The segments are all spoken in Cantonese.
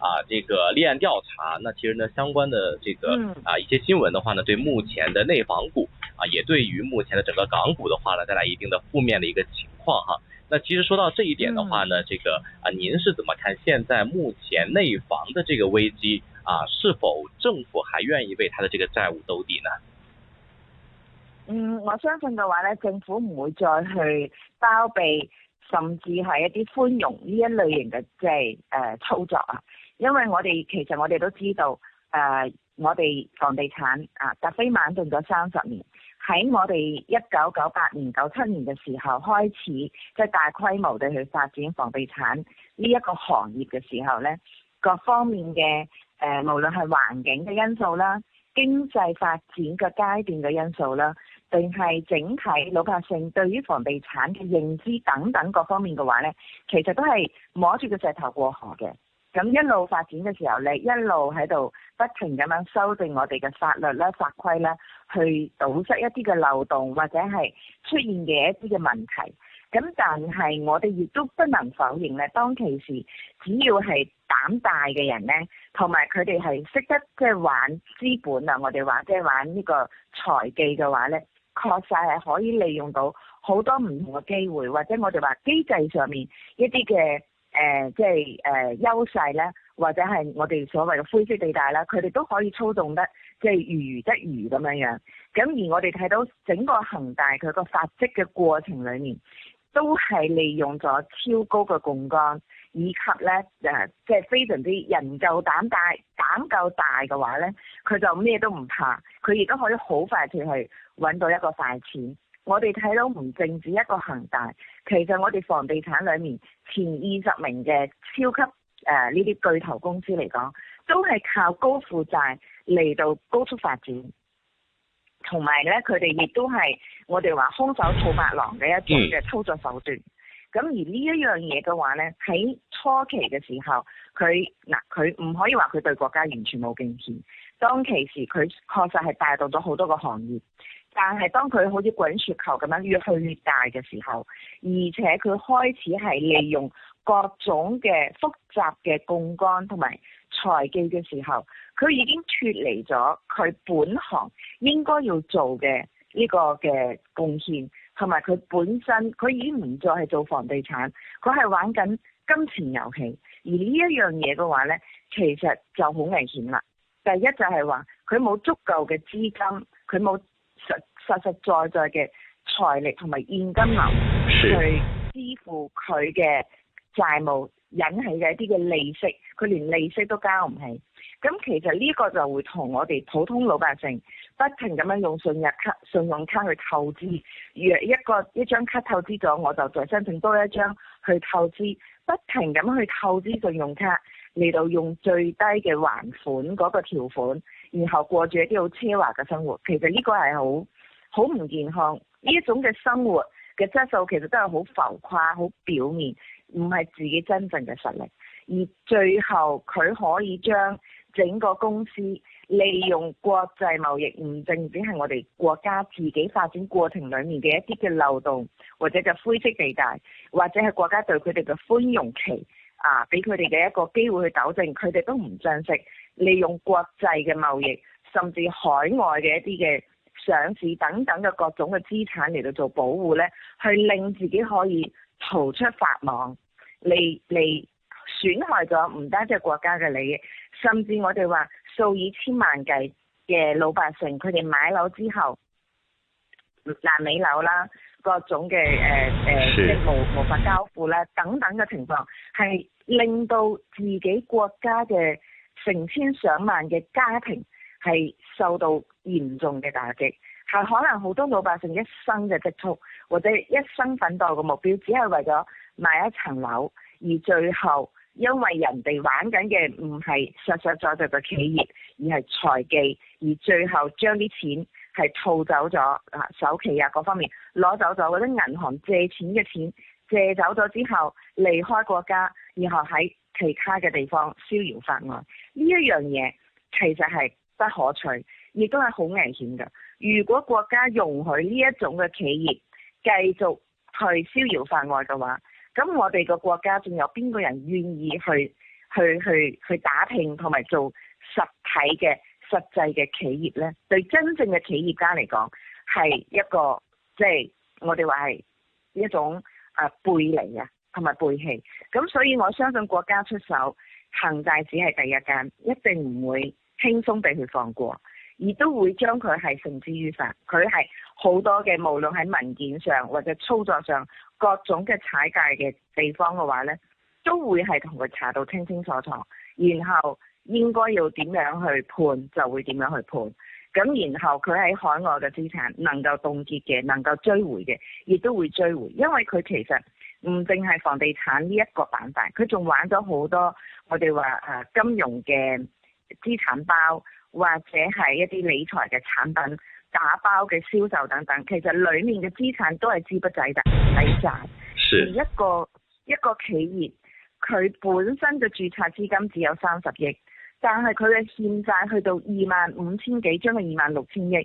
啊，這個立案調查，那其實呢，相關的這個啊一些新聞的話呢，對目前的內房股啊，也對於目前的整個港股的話呢，帶來一定的負面的一個情況哈、啊。那其實說到這一點的話呢，這個啊，您是怎麼看現在目前內房的這個危機啊，是否政府還願意為他的這個債務兜底呢？嗯，我相信的話呢，政府唔會再去包庇，甚至係一啲寬容呢一類型的即係呃操作啊。因為我哋其實我哋都知道，誒、呃，我哋房地產啊，突飛猛進咗三十年。喺我哋一九九八年、九七年嘅時候開始，即係大規模地去發展房地產呢一個行業嘅時候呢，各方面嘅誒、呃，無論係環境嘅因素啦、經濟發展嘅階段嘅因素啦，定係整體老百姓對於房地產嘅認知等等各方面嘅話呢，其實都係摸住個石頭過河嘅。咁一路發展嘅時候咧，一路喺度不停咁樣修正我哋嘅法律啦、法規啦，去堵塞一啲嘅漏洞或者係出現嘅一啲嘅問題。咁但係我哋亦都不能否認咧，當其時只要係膽大嘅人咧，同埋佢哋係識得即係玩資本啊！我哋話即係玩呢個財技嘅話咧，確實係可以利用到好多唔同嘅機會，或者我哋話機制上面一啲嘅。誒、呃、即係誒、呃、優勢咧，或者係我哋所謂嘅灰色地帶啦，佢哋都可以操縱得即係如魚得水咁樣樣。咁而我哋睇到整個恒大佢個發跡嘅過程裏面，都係利用咗超高嘅槓桿，以及咧誒即係非常之人夠膽大，膽夠大嘅話咧，佢就咩都唔怕，佢亦都可以好快脆去揾到一個快錢。我哋睇到唔淨止一個恒大，其實我哋房地產裏面前二十名嘅超級誒呢啲巨頭公司嚟講，都係靠高負債嚟到高速發展，同埋咧佢哋亦都係我哋話空手套白狼嘅一種嘅操作手段。咁、嗯、而呢一樣嘢嘅話咧，喺初期嘅時候，佢嗱佢唔可以話佢對國家完全冇貢獻。當其時佢確實係帶動咗好多個行業。但係當佢好似滾雪球咁樣越去越大嘅時候，而且佢開始係利用各種嘅複雜嘅槓桿同埋財技嘅時候，佢已經脫離咗佢本行應該要做嘅呢個嘅貢獻，同埋佢本身佢已經唔再係做房地產，佢係玩緊金錢遊戲。而呢一樣嘢嘅話呢，其實就好危險啦。第一就係話佢冇足夠嘅資金，佢冇。實實實在在嘅財力同埋現金流去支付佢嘅債務引起嘅一啲嘅利息，佢連利息都交唔起。咁其實呢個就會同我哋普通老百姓不停咁樣用信用卡、信用卡去透支，若一個一張卡透支咗，我就再申請多一張去透支，不停咁去透支信用卡嚟到用最低嘅還款嗰個條款。然後過住一啲好奢華嘅生活，其實呢個係好好唔健康，呢一種嘅生活嘅質素其實都係好浮誇、好表面，唔係自己真正嘅實力。而最後佢可以將整個公司利用國際貿易，唔淨只係我哋國家自己發展過程裏面嘅一啲嘅漏洞，或者就灰色地帶，或者係國家對佢哋嘅寬容期，啊，俾佢哋嘅一個機會去糾正，佢哋都唔珍惜。利用國際嘅貿易，甚至海外嘅一啲嘅上市等等嘅各種嘅資產嚟到做保護呢，去令自己可以逃出法網，嚟嚟損害咗唔單止國家嘅利益，甚至我哋話數以千萬計嘅老百姓，佢哋買樓之後爛尾樓啦，各種嘅即誒無無法交付啦，等等嘅情況，係令到自己國家嘅。成千上萬嘅家庭係受到嚴重嘅打擊，係可能好多老百姓一生嘅積蓄，或者一生奮鬥嘅目標，只係為咗買一層樓，而最後因為人哋玩緊嘅唔係實實在在嘅企業，而係財技，而最後將啲錢係套走咗啊，首期啊各方面攞走咗，或者銀行借錢嘅錢借走咗之後離開國家，然後喺其他嘅地方逍遙法外，呢一樣嘢其實係不可取，亦都係好危險嘅。如果國家容許呢一種嘅企業繼續去逍遙法外嘅話，咁我哋個國家仲有邊個人願意去去去去打拼同埋做實體嘅實際嘅企業咧？對真正嘅企業家嚟講，係一個即係、就是、我哋話，係一種誒背離啊！同埋背棄，咁所以我相信國家出手，恆大只係第一間，一定唔會輕鬆俾佢放過，亦都會將佢係繩之於法。佢係好多嘅無論喺文件上或者操作上各種嘅踩界嘅地方嘅話呢都會係同佢查到清清楚楚，然後應該要點樣去判就會點樣去判。咁然後佢喺海外嘅資產能夠凍結嘅，能夠追回嘅，亦都會追回，因為佢其實。唔淨係房地產呢一個板塊，佢仲玩咗好多我哋話誒金融嘅資產包，或者係一啲理財嘅產品打包嘅銷售等等。其實裡面嘅資產都係資不抵債，抵債是。係一個一個企業，佢本身嘅註冊資金只有三十億，但係佢嘅欠債去到二萬五千幾，將近二萬六千億，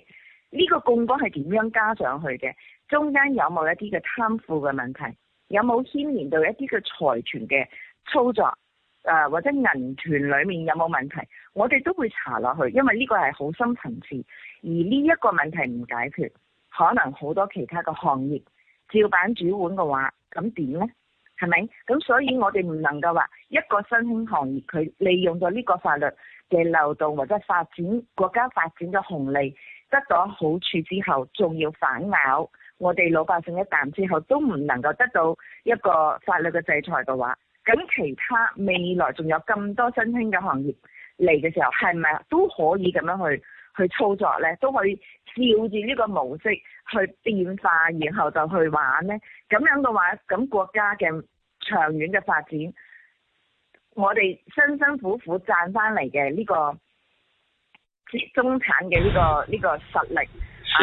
呢、這個槓桿係點樣加上去嘅？中間有冇一啲嘅貪腐嘅問題？有冇牽連到一啲嘅財團嘅操作？誒、呃、或者銀團裡面有冇問題？我哋都會查落去，因為呢個係好深層次。而呢一個問題唔解決，可能好多其他嘅行業照板煮碗嘅話，咁點呢？係咪？咁所以我哋唔能夠話一個新興行業佢利用咗呢個法律嘅漏洞或者發展國家發展嘅紅利得到好處之後，仲要反咬。我哋老百姓一啖之後都唔能夠得到一個法律嘅制裁嘅話，咁其他未來仲有咁多新興嘅行業嚟嘅時候，係咪都可以咁樣去去操作呢？都可以照住呢個模式去變化，然後就去玩呢？咁樣嘅話，咁國家嘅長遠嘅發展，我哋辛辛苦苦賺翻嚟嘅呢個中產嘅呢個呢個實力。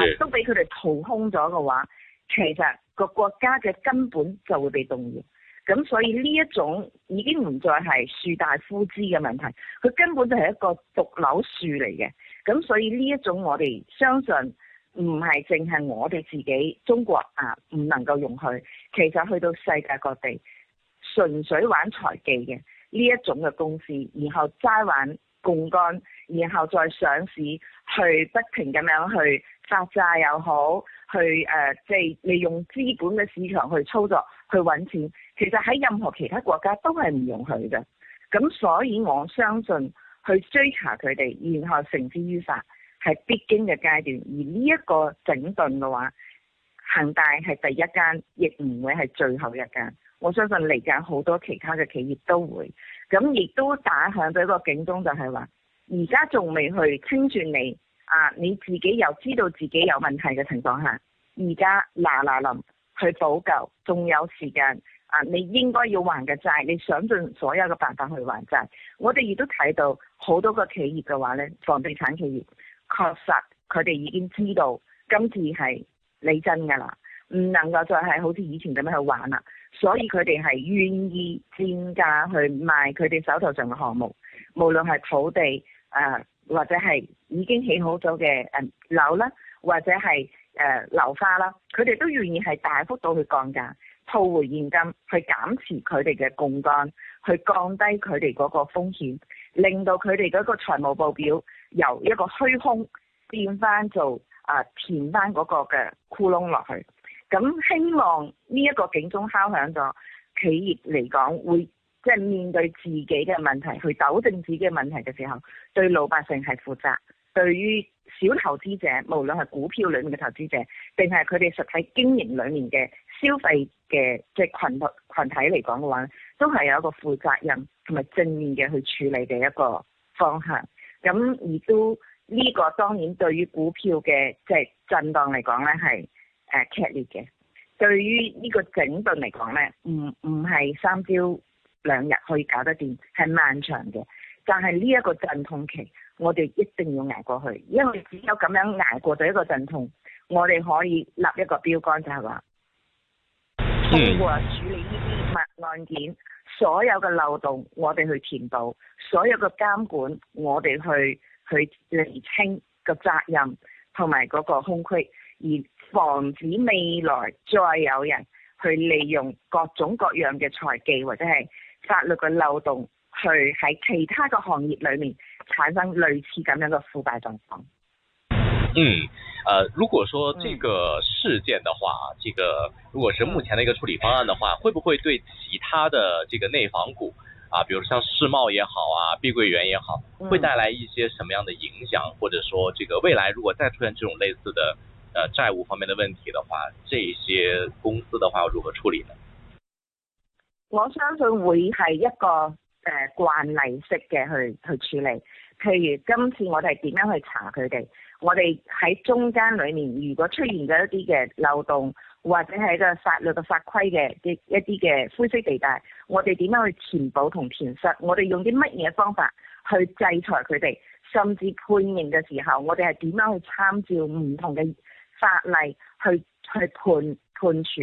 啊、都俾佢哋掏空咗嘅話，其實個國家嘅根本就會被動搖。咁所以呢一種已經唔再係樹大枯枝嘅問題，佢根本就係一個獨樓樹嚟嘅。咁所以呢一種我哋相信唔係淨係我哋自己中國啊，唔能夠容許。其實去到世界各地，純粹玩財技嘅呢一種嘅公司，然後齋玩槓桿。然後再上市，去不停咁樣去發債又好，去即係、呃就是、利用資本嘅市場去操作去揾錢。其實喺任何其他國家都係唔容許嘅。咁所以我相信去追查佢哋，然後繩之於法係必經嘅階段。而呢一個整頓嘅話，恒大係第一間，亦唔會係最後一間。我相信嚟緊好多其他嘅企業都會，咁亦都打響咗一個警鐘，就係話。而家仲未去清算你啊！你自己又知道自己有問題嘅情況下，而家嗱嗱臨去補救，仲有時間啊！你應該要還嘅債，你想盡所有嘅辦法去還債。我哋亦都睇到好多個企業嘅話呢，房地產企業確實佢哋已經知道今次係嚟真㗎啦，唔能夠再係好似以前咁樣去玩啦。所以佢哋係願意賤價去賣佢哋手頭上嘅項目，無論係土地，誒、啊、或者係已經起好咗嘅誒樓啦，或者係誒、呃、樓花啦，佢哋都願意係大幅度去降價套回現金，去減持佢哋嘅槓桿，去降低佢哋嗰個風險，令到佢哋嗰個財務報表由一個虛空變翻做啊填翻嗰個嘅窟窿落去。咁希望呢一個警鐘敲響咗，企業嚟講會。即係面對自己嘅問題，去糾正自己嘅問題嘅時候，對老百姓係負責；對於小投資者，無論係股票裡面嘅投資者，定係佢哋實體經營裡面嘅消費嘅即係羣羣體嚟講嘅話，都係有一個負責任同埋正面嘅去處理嘅一個方向。咁而都呢個當然對於股票嘅即係震盪嚟講呢係誒、呃、劇烈嘅。對於呢個整頓嚟講呢，唔唔係三招兩日可以搞得掂，係漫長嘅。但係呢一個陣痛期，我哋一定要捱過去，因為只有咁樣捱過咗一個陣痛，我哋可以立一個標杆，就係話通過處理呢啲物案件，所有嘅漏洞我哋去填補，所有嘅監管我哋去去釐清個責任同埋嗰個空隙，而防止未來再有人去利用各種各樣嘅財技或者係，法律嘅漏洞，去喺其他嘅行業裏面產生類似咁樣嘅腐敗狀況。嗯，呃，如果說這個事件的話，嗯、這個如果是目前的一個處理方案的話，嗯、會不會對其他的這個內房股啊，比如像世茂也好啊，碧桂園也好，會帶來一些什麼樣的影響？或者說，這個未來如果再出現這種類似的，呃債務方面的問題的話，這些公司的話要如何處理呢？我相信會係一個誒、呃、慣例式嘅去去處理。譬如今次我哋係點樣去查佢哋？我哋喺中間裡面，如果出現咗一啲嘅漏洞，或者係個法律嘅、法規嘅一啲嘅灰色地帶，我哋點樣去填補同填實？我哋用啲乜嘢方法去制裁佢哋？甚至判刑嘅時候，我哋係點樣去參照唔同嘅法例去去判判處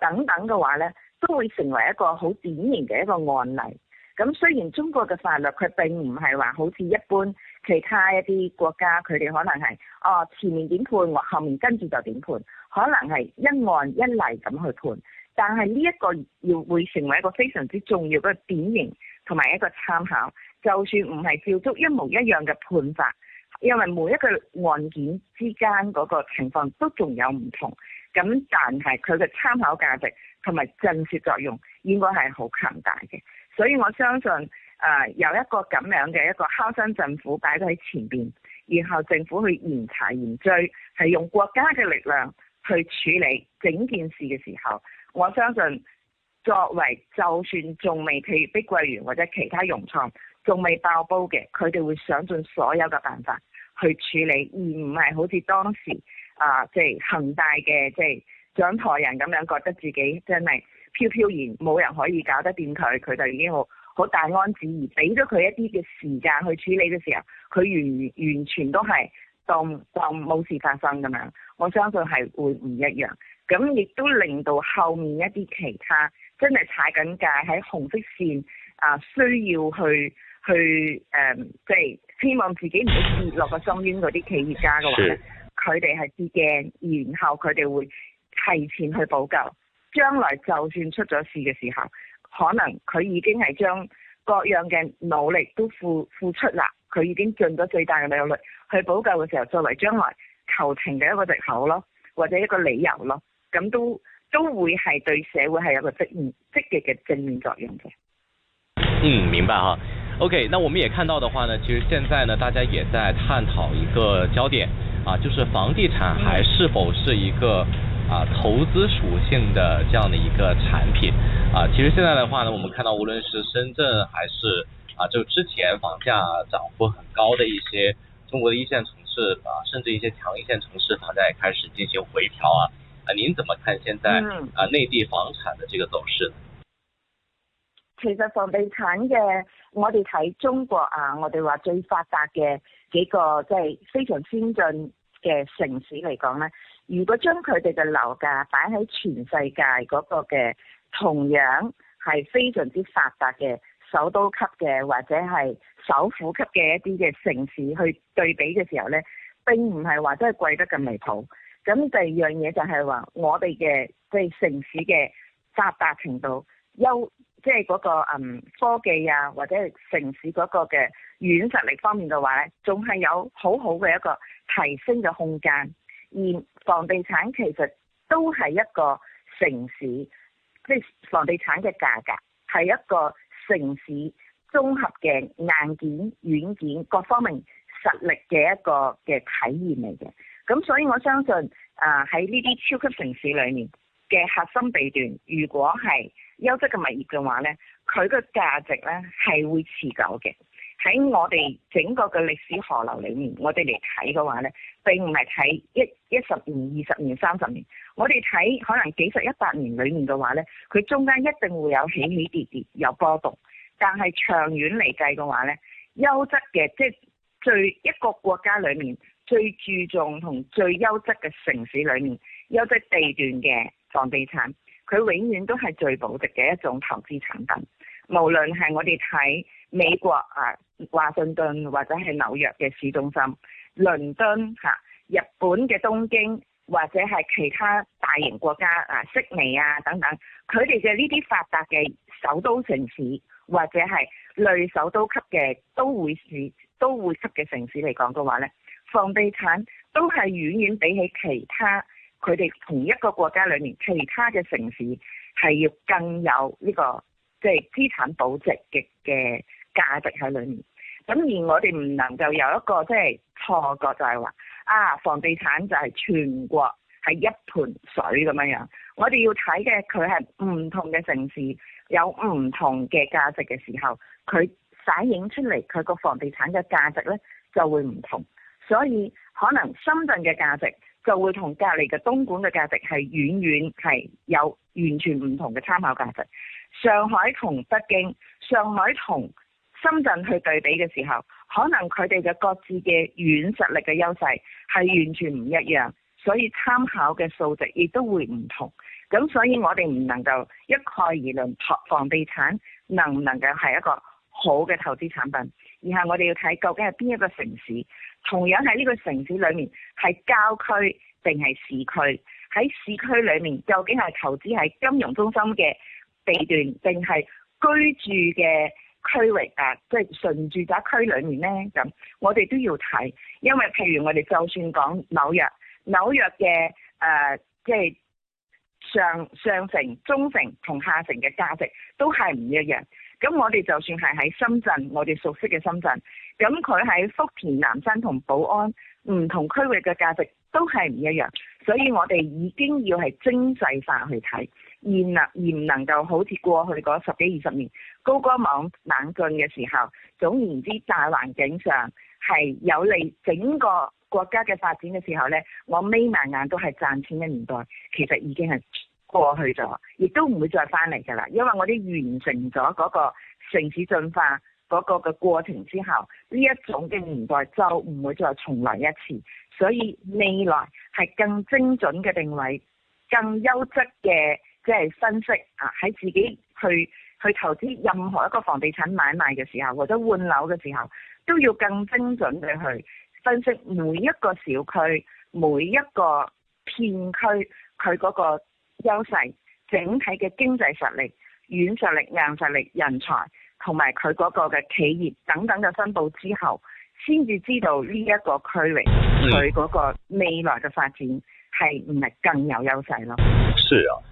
等等嘅話咧，都會成為一個好典型嘅一個案例。咁雖然中國嘅法律佢並唔係話好似一般其他一啲國家，佢哋可能係哦前面點判，我後面跟住就點判，可能係一案一例咁去判。但係呢一個要會成為一個非常之重要嘅典型同埋一個參考。就算唔係照足一模一樣嘅判法，因為每一個案件之間嗰個情況都仲有唔同，咁但係佢嘅參考價值。同埋震懾作用應該係好強大嘅，所以我相信誒、呃、有一個咁樣嘅一個敲山政府擺喺前面，然後政府去嚴查嚴追，係用國家嘅力量去處理整件事嘅時候，我相信作為就算仲未譬如碧桂園或者其他融創仲未爆煲嘅，佢哋會想盡所有嘅辦法去處理，而唔係好似當時啊即係恒大嘅即係。即係掌台人咁樣覺得自己真係飄飄然，冇人可以搞得掂佢，佢就已經好好大安旨意。而俾咗佢一啲嘅時間去處理嘅時候，佢完完全都係當當冇事發生咁樣。我相信係會唔一樣。咁亦都令到後面一啲其他真係踩緊界喺紅色線啊，需要去去誒，即、呃、係、就是、希望自己唔好跌落個深淵嗰啲企業家嘅話咧，佢哋係知驚，然後佢哋會。提前去補救，將來就算出咗事嘅時候，可能佢已經係將各樣嘅努力都付付出啦。佢已經盡咗最大嘅努力去補救嘅時候，作為將來求情嘅一個藉口咯，或者一個理由咯，咁都都會係對社會係有個積極積極嘅正面作用嘅。嗯，明白哈。OK，那我們也看到的話呢，其實現在呢，大家也在探討一個焦點啊，就是房地產，還是否是一個？啊，投資屬性的這樣的一個產品，啊，其實現在的話呢，我們看到無論是深圳還是啊，就之前房價漲幅很高的一些中國的一線城市啊，甚至一些強一線城市房價也開始進行回調啊，啊，您怎麼看現在、嗯、啊內地房產的這個走勢？其實房地產嘅，我哋睇中國啊，我哋話最發達嘅幾個即係、就是、非常先進嘅城市嚟講呢如果將佢哋嘅樓價擺喺全世界嗰個嘅同樣係非常之發達嘅首都級嘅或者係首府級嘅一啲嘅城市去對比嘅時候呢，並唔係話真係貴得咁離譜。咁第二樣嘢就係話，我哋嘅即係城市嘅發達程度、優即係嗰個嗯科技啊，或者城市嗰個嘅軟實力方面嘅話呢仲係有好好嘅一個提升嘅空間。而房地產其實都係一個城市，即係房地產嘅價格係一個城市綜合嘅硬件、軟件各方面實力嘅一個嘅體現嚟嘅。咁所以我相信，啊喺呢啲超級城市裏面嘅核心地段，如果係優質嘅物業嘅話呢，佢嘅價值呢係會持久嘅。喺我哋整個嘅歷史河流裏面，我哋嚟睇嘅話呢，並唔係睇一一十年、二十年、三十年，我哋睇可能幾十、一百年裏面嘅話呢，佢中間一定會有起起跌跌、有波動。但係長遠嚟計嘅話呢，優質嘅即係最一個國家裏面最注重同最優質嘅城市裏面優質地段嘅房地產，佢永遠都係最保值嘅一種投資產品。無論係我哋睇美國啊～華盛頓或者係紐約嘅市中心，倫敦吓、啊，日本嘅東京或者係其他大型國家啊，悉尼啊等等，佢哋嘅呢啲發達嘅首都城市或者係類首都級嘅都會市，都會級嘅城市嚟講嘅話呢，房地產都係遠遠比起其他佢哋同一個國家裏面其他嘅城市係要更有呢、這個即係資產保值嘅嘅。的價值喺裏面，咁而我哋唔能夠有一個即係、就是、錯覺就是說，就係話啊，房地產就係全國係一盤水咁樣樣。我哋要睇嘅佢係唔同嘅城市有唔同嘅價值嘅時候，佢反映出嚟佢個房地產嘅價值呢就會唔同。所以可能深圳嘅價值就會同隔離嘅東莞嘅價值係遠遠係有完全唔同嘅參考價值。上海同北京，上海同。深圳去對比嘅時候，可能佢哋嘅各自嘅軟實力嘅優勢係完全唔一樣，所以參考嘅數值亦都會唔同。咁所以我哋唔能夠一概而論，房地產能唔能夠係一個好嘅投資產品？然後我哋要睇究竟係邊一個城市，同樣喺呢個城市裏面係郊區定係市區？喺市區裏面究竟係投資喺金融中心嘅地段定係居住嘅？區域啊，即係順住宅區裡面咧，咁，我哋都要睇，因為譬如我哋就算講紐約，紐約嘅誒即係上上城、中城同下城嘅價值都係唔一樣。咁我哋就算係喺深圳，我哋熟悉嘅深圳，咁佢喺福田、南山同寶安唔同區域嘅價值都係唔一樣，所以我哋已經要係精細化去睇。而能而唔能夠好似過去嗰十幾二十年高歌猛猛進嘅時候，總言之大環境上係有利整個國家嘅發展嘅時候呢，我眯埋眼都係賺錢嘅年代，其實已經係過去咗，亦都唔會再翻嚟㗎啦。因為我哋完成咗嗰個城市進化嗰個嘅過程之後，呢一種嘅年代就唔會再重來一次。所以未來係更精準嘅定位，更優質嘅。即係分析啊，喺自己去去投資任何一個房地產買賣嘅時候，或者換樓嘅時候，都要更精準地去分析每一個小區、每一個片區佢嗰個優勢、整體嘅經濟實力、軟實力、硬實力、人才同埋佢嗰個嘅企業等等嘅分佈之後，先至知道呢一個區域佢嗰個未來嘅發展係唔係更有優勢咯？是啊。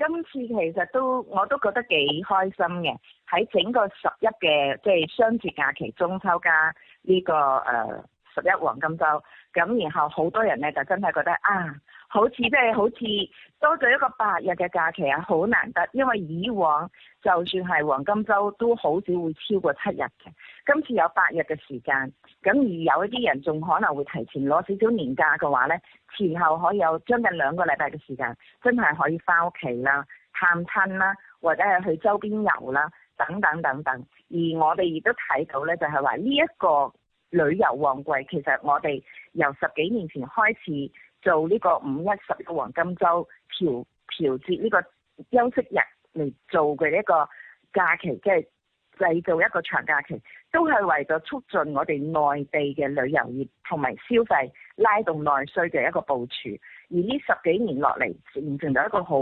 今次其實都我都覺得幾開心嘅，喺整個十一嘅即係雙節假期、中秋加呢、這個誒、呃、十一黃金週，咁然後好多人咧就真係覺得啊～好似即係好似多咗一個八日嘅假期啊，好難得，因為以往就算係黃金週都好少會超過七日嘅，今次有八日嘅時間，咁而有一啲人仲可能會提前攞少少年假嘅話呢，前後可以有將近兩個禮拜嘅時間，真係可以翻屋企啦、探親啦，或者係去周邊遊啦等等等等。而我哋亦都睇到呢，就係話呢一個旅遊旺季，其實我哋由十幾年前開始。做呢個五一十個黃金週調調節呢個休息日嚟做嘅一個假期，即係製造一個長假期，都係為咗促進我哋內地嘅旅遊業同埋消費，拉動內需嘅一個部署。而呢十幾年落嚟，形成咗一個好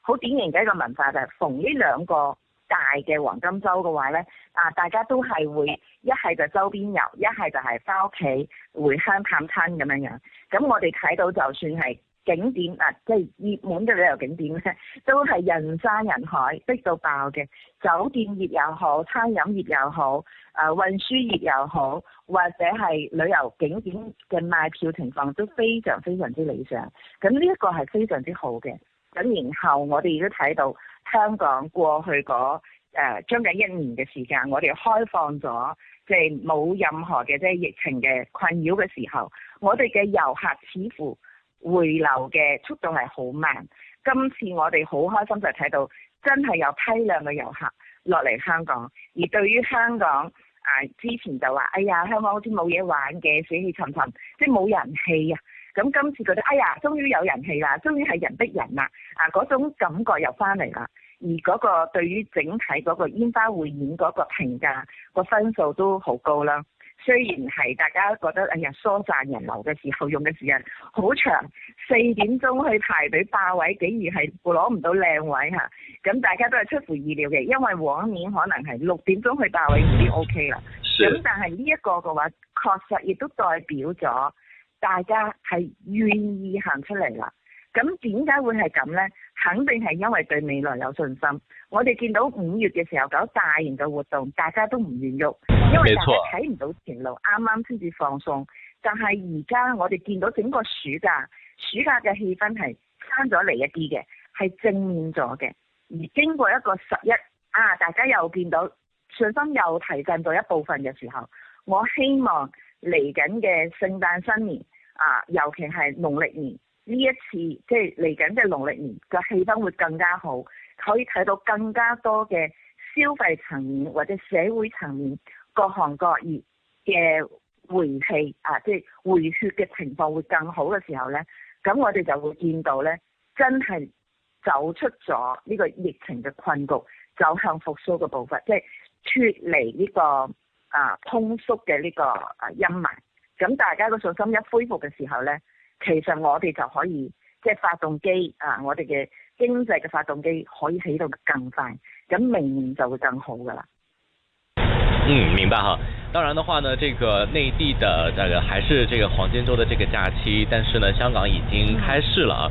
好典型嘅一個文化，就係、是、逢呢兩個。大嘅黃金周嘅話呢，啊，大家都係會一係就周邊遊，一係就係翻屋企回鄉探親咁樣樣。咁我哋睇到就算係景點啊，即係熱門嘅旅遊景點都係人山人海，逼到爆嘅。酒店業又好，餐飲業又好，啊，運輸業又好，或者係旅遊景點嘅賣票情況都非常非常之理想。咁呢一個係非常之好嘅。咁然後我哋亦都睇到。香港過去嗰誒將近一年嘅時間，我哋開放咗，即係冇任何嘅即係疫情嘅困擾嘅時候，我哋嘅遊客似乎回流嘅速度係好慢。今次我哋好開心就睇到真係有批量嘅遊客落嚟香港，而對於香港誒、呃、之前就話，哎呀，香港好似冇嘢玩嘅，死氣沉沉，即係冇人氣啊！咁今次覺得哎呀，終於有人氣啦，終於係人逼人啦，啊嗰種感覺又翻嚟啦。而嗰個對於整體嗰個煙花匯演嗰個評價個分數都好高啦。雖然係大家覺得哎呀，疏散人流嘅時候用嘅時間好長，四點鐘去排隊霸位，竟然係攞唔到靚位嚇。咁大家都係出乎意料嘅，因為往年可能係六點鐘去霸位已經 OK 啦。咁是但係呢一個嘅話，確實亦都代表咗。大家係願意行出嚟啦，咁點解會係咁呢？肯定係因為對未來有信心。我哋見到五月嘅時候搞大型嘅活動，大家都唔願喐，因為大家睇唔到前路，啱啱先至放鬆。但係而家我哋見到整個暑假，暑假嘅氣氛係翻咗嚟一啲嘅，係正面咗嘅。而經過一個十一啊，大家又見到信心又提振咗一部分嘅時候，我希望，嚟緊嘅聖誕新年啊，尤其係農曆年呢一次，即係嚟緊嘅農曆年嘅氣氛會更加好，可以睇到更加多嘅消費層面或者社會層面各行各業嘅回氣啊，即係回血嘅情況會更好嘅時候呢，咁我哋就會見到呢，真係走出咗呢個疫情嘅困局，走向復甦嘅步伐，即係脱離呢個。啊，通縮嘅呢、這個啊陰霾，咁大家個信心一恢復嘅時候呢，其實我哋就可以即係發動機啊，我哋嘅經濟嘅發動機可以起到更快，咁明年就會更好噶啦。嗯，明白哈。當然的話呢，這個內地的這個還是這個黃金週的這個假期，但是呢，香港已經開市啦，啊。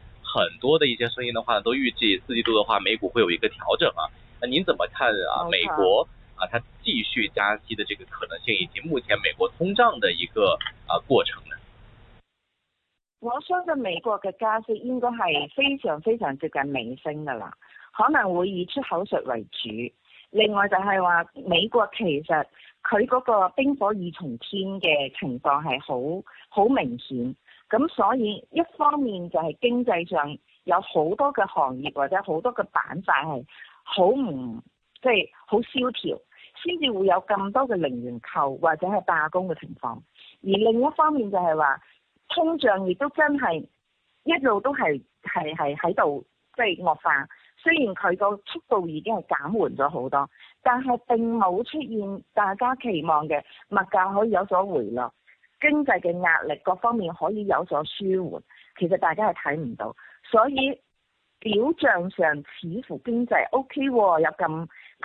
很多的一些聲音的話，都預計四季度的話，美股會有一個調整啊。那您怎麼看啊？Okay. 美國啊，它繼續加息的這個可能性，以及目前美國通脹的一個啊過程呢？我相信美國嘅加息應該係非常非常接近尾聲噶啦，可能會以出口術為主。另外就係話，美國其實佢嗰個冰火二重天嘅情況係好好明顯。咁所以一方面就係經濟上有好多嘅行業或者好多嘅板塊係好唔即係好蕭條，先至會有咁多嘅零元購或者係罷工嘅情況。而另一方面就係話通脹亦都真係一路都係係係喺度即係惡化，雖然佢個速度已經係減緩咗好多，但係並冇出現大家期望嘅物價可以有所回落。經濟嘅壓力各方面可以有所舒緩，其實大家係睇唔到，所以表象上似乎經濟 O K 喎，有咁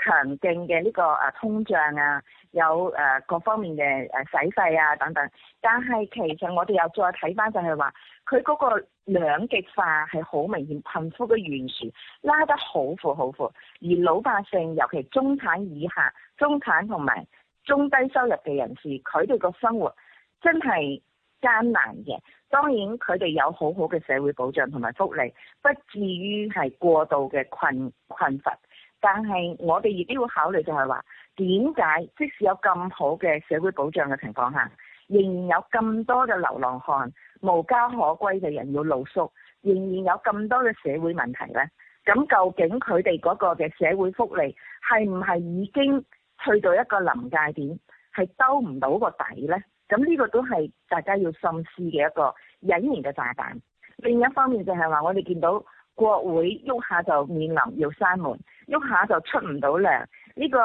強勁嘅呢個誒通脹啊，有各方面嘅誒使費啊等等，但係其實我哋又再睇翻就係話，佢嗰個兩極化係好明顯，貧富嘅懸殊拉得好闊好闊，而老百姓尤其中產以下、中產同埋中低收入嘅人士，佢哋個生活，真係艱難嘅。當然佢哋有好好嘅社會保障同埋福利，不至於係過度嘅困困乏。但係我哋亦都要考慮就，就係話點解即使有咁好嘅社會保障嘅情況下，仍然有咁多嘅流浪漢無家可歸嘅人要露宿，仍然有咁多嘅社會問題呢？咁究竟佢哋嗰個嘅社會福利係唔係已經去到一個臨界點，係兜唔到個底呢？咁呢個都係大家要深思嘅一個隱形嘅炸彈。另一方面就係話，我哋見到國會喐下就面臨要閂門，喐下就出唔到糧。呢個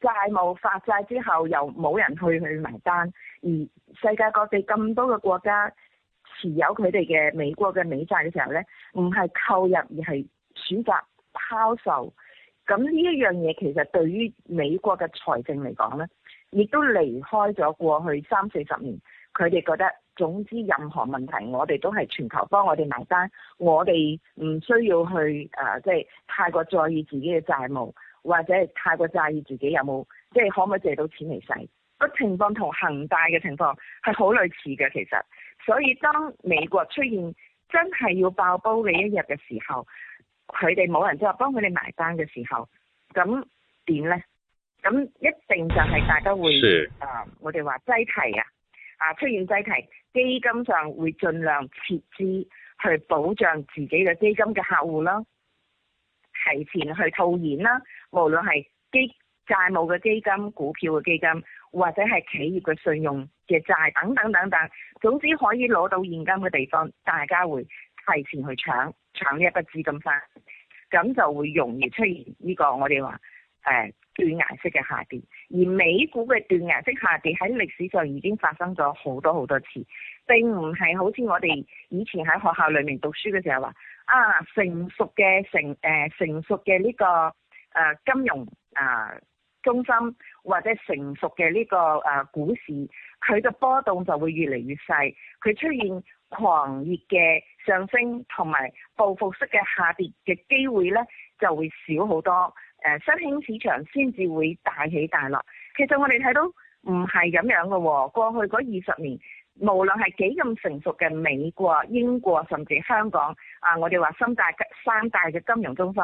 債務發債之後，又冇人去去埋單。而世界各地咁多個國家持有佢哋嘅美國嘅美債嘅時候呢，唔係購入，而係選擇拋售。咁呢一樣嘢其實對於美國嘅財政嚟講呢，亦都離開咗過去三四十年，佢哋覺得總之任何問題，我哋都係全球幫我哋埋單，我哋唔需要去誒，即係太過在意自己嘅債務，或者係太過在意自己有冇即係可唔可以借到錢嚟使。個情況同恒大嘅情況係好類似嘅，其實。所以當美國出現真係要爆煲嘅一日嘅時候，佢哋冇人即係幫佢哋埋單嘅時候，咁點呢？咁一定就係大家會是啊，我哋話擠提啊，啊出現擠提，基金上會盡量撤資去保障自己嘅基金嘅客戶啦，提前去套現啦。無論係基債務嘅基金、股票嘅基金，或者係企業嘅信用嘅債等等等等，總之可以攞到現金嘅地方，大家會提前去搶搶呢一筆資金返，咁就會容易出現呢、這個我哋話誒、哎斷崖式嘅下跌，而美股嘅斷崖式下跌喺歷史上已經發生咗好多好多次，並唔係好似我哋以前喺學校裏面讀書嘅時候話啊成熟嘅成誒、呃、成熟嘅呢、這個誒、呃、金融誒、呃、中心或者成熟嘅呢、這個誒、呃、股市，佢嘅波動就會越嚟越細，佢出現狂熱嘅上升同埋報復式嘅下跌嘅機會咧就會少好多。誒、呃，新興市場先至會大起大落。其實我哋睇到唔係咁樣嘅，哦。過去嗰二十年，無論係幾咁成熟嘅美國、英國，甚至香港啊，我哋話三大嘅三大嘅金融中心，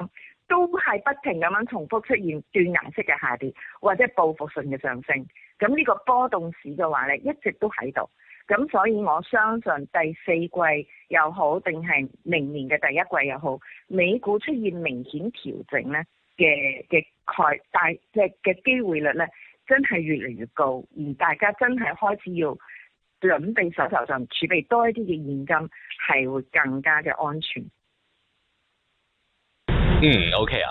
都係不停咁樣重複出現斷崖式嘅下跌，或者報復性嘅上升。咁呢個波動市嘅話呢，一直都喺度。咁所以我相信第四季又好，定係明年嘅第一季又好，美股出現明顯調整呢。嘅嘅概大嘅嘅機會率呢，真係越嚟越高，而大家真係開始要準備手頭上儲備多一啲嘅現金，係會更加嘅安全。嗯，OK 啊。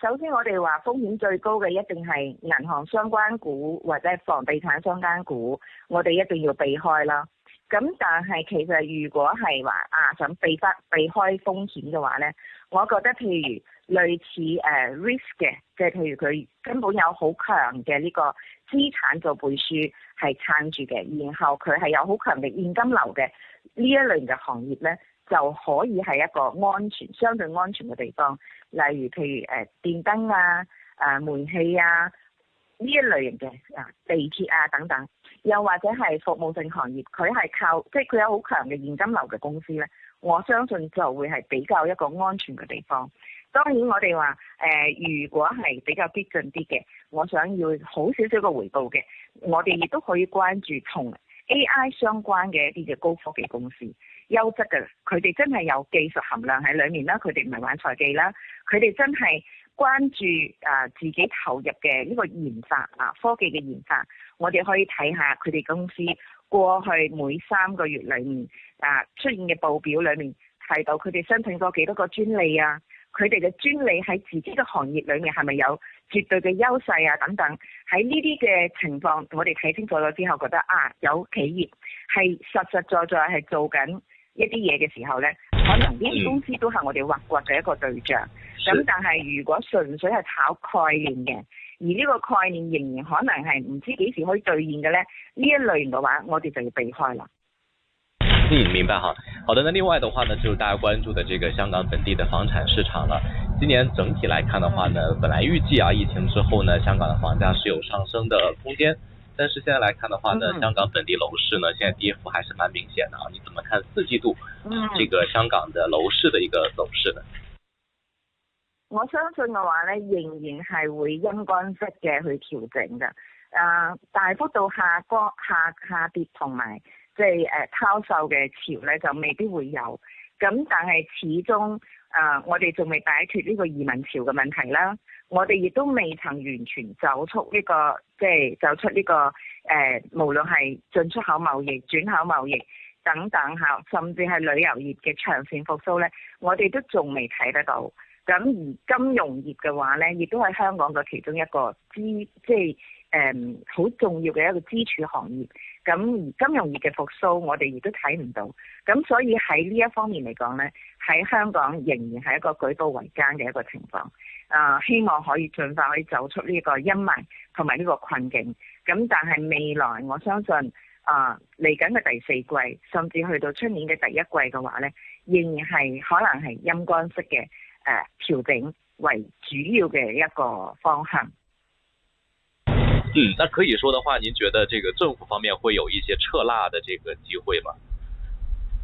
首先我哋話風險最高嘅一定係銀行相關股或者房地產相關股，我哋一定要避開啦。咁但係其實如果係話啊想避翻避開風險嘅話咧，我覺得譬如類似誒 risk 嘅，即係譬如佢根本有好強嘅呢個資產做背書係撐住嘅，然後佢係有好強嘅現金流嘅呢一類嘅行業咧。就可以係一個安全、相對安全嘅地方，例如譬如誒電燈啊、誒煤氣啊呢一類型嘅啊、地鐵啊等等，又或者係服務性行業，佢係靠即係佢有好強嘅現金流嘅公司呢，我相信就會係比較一個安全嘅地方。當然我，我哋話誒，如果係比較激進啲嘅，我想要好少少嘅回報嘅，我哋亦都可以關注同 AI 相關嘅一啲嘅高科技公司。優質嘅，佢哋真係有技術含量喺裏面啦，佢哋唔係玩財技啦，佢哋真係關注啊自己投入嘅呢個研發啊科技嘅研發，我哋可以睇下佢哋公司過去每三個月裏面啊出現嘅報表裏面提到佢哋申請咗幾多個專利啊，佢哋嘅專利喺自己嘅行業裏面係咪有絕對嘅優勢啊等等，喺呢啲嘅情況，我哋睇清楚咗之後，覺得啊有企業係實實在在係做緊。一啲嘢嘅時候呢，可能呢啲公司都係我哋挖掘嘅一個對象。咁是但係如果純粹係炒概念嘅，而呢個概念仍然可能係唔知幾時可以兌現嘅呢，呢一類型嘅話，我哋就要避開啦。嗯，明白哈。好的，那另外嘅話呢，就係大家關注的這個香港本地的房產市場啦。今年整體來看嘅話呢，本來預計啊，疫情之後呢，香港嘅房價是有上升嘅空間。但是現在來看的話呢，那香港本地樓市呢，嗯、現在跌幅還是蠻明顯的啊！你怎麼看四季度，嗯，這個香港的樓市的一個走勢呢？我相信嘅話呢，仍然係會陰乾式嘅去調整嘅，誒、呃，大幅度下降下下跌同埋即係誒拋售嘅潮呢，就未必會有。咁但係始終，誒、呃、我哋仲未擺脫呢個移民潮嘅問題啦。我哋亦都未曾完全走出呢、這個，即係走出呢、這個誒、呃，無論係進出口貿易、轉口貿易等等下，甚至係旅遊業嘅長線復甦咧，我哋都仲未睇得到。咁而金融業嘅話咧，亦都係香港嘅其中一個支，即係誒好重要嘅一個支柱行業。咁金融業嘅復甦，我哋亦都睇唔到，咁所以喺呢一方面嚟講呢，喺香港仍然係一個舉步維艱嘅一個情況、呃。希望可以盡快可以走出呢個陰霾同埋呢個困境。咁但係未來我相信，嚟緊嘅第四季，甚至去到出年嘅第一季嘅話呢，仍然係可能係陰乾式嘅誒、呃、調整為主要嘅一個方向。嗯，那可以說的話，您覺得這個政府方面會有一些撤辣的這個機會嗎？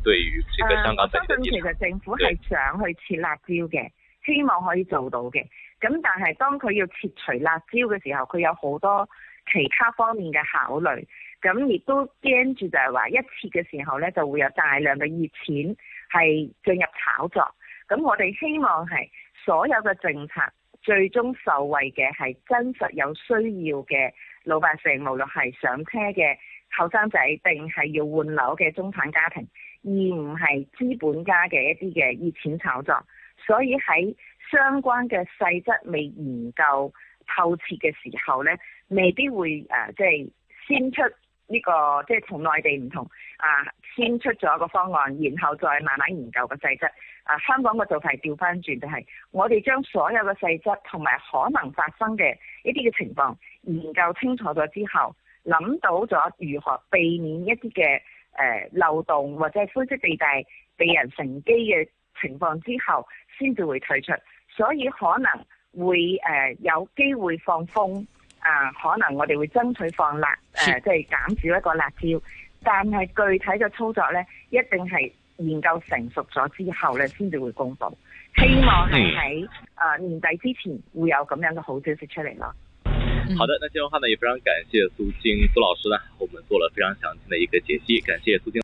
對於這個香港整個、呃、其實政府係想去撤辣招嘅，對希望可以做到嘅。咁但係當佢要撤除辣招嘅時候，佢有好多其他方面嘅考慮，咁亦都驚住就係話一撤嘅時候咧，就會有大量嘅熱錢係進入炒作。咁我哋希望係所有嘅政策。最終受惠嘅係真實有需要嘅老百姓，無論係上車嘅後生仔，定係要換樓嘅中產家庭，而唔係資本家嘅一啲嘅熱錢炒作。所以喺相關嘅細則未研究透徹嘅時候呢，未必會誒即係先出。呢、這個即係同內地唔同，啊先出咗個方案，然後再慢慢研究個細則啊，香港嘅做法調返轉就係、是，我哋將所有嘅細則同埋可能發生嘅一啲嘅情況研究清楚咗之後，諗到咗如何避免一啲嘅誒漏洞或者灰色地帶被人乘機嘅情況之後，先至會推出。所以可能會、呃、有機會放風。啊，可能我哋會爭取放辣，誒、呃，即係減少一個辣招，但係具體嘅操作咧，一定係研究成熟咗之後咧，先至會公布。希望係喺誒年底之前會有咁樣嘅好消息出嚟咯。嗯、好的，那今晚呢也非常感謝蘇菁蘇老師呢，我們做了非常詳細嘅一個解析，感謝蘇菁。